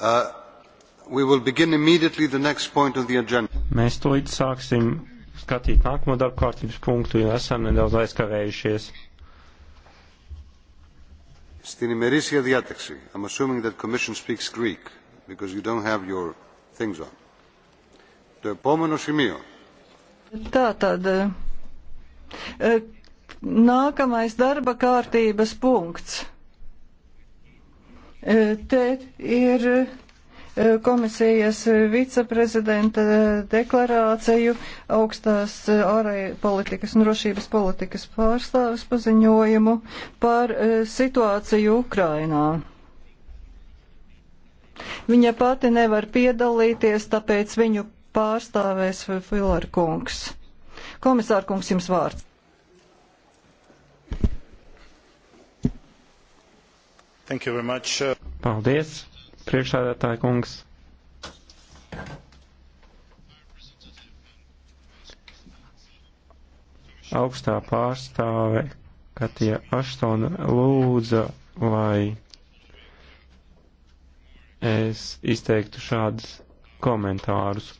Uh, Mēs tūlīt sāksim skatīt nākamo darba kārtības punktu, jo esam nedaudz aizkavējušies. Στην ημερήσια διάταξη, I'm assuming that Commission speaks Greek, because you don't have your things on. Το επόμενο σημείο. Tātad, nākamais darba kārtības punkts. Te ir komisijas viceprezidenta deklarāciju augstās ārēja politikas un drošības politikas pārstāvis paziņojumu par situāciju Ukrainā. Viņa pati nevar piedalīties, tāpēc viņu pārstāvēs Filar kungs. Komisār kungs, jums vārds. Thank you very much. Paldies, priekšādātāja kungs. Augstā pārstāve Katija Aštona lūdza, lai es izteiktu šādus komentārus.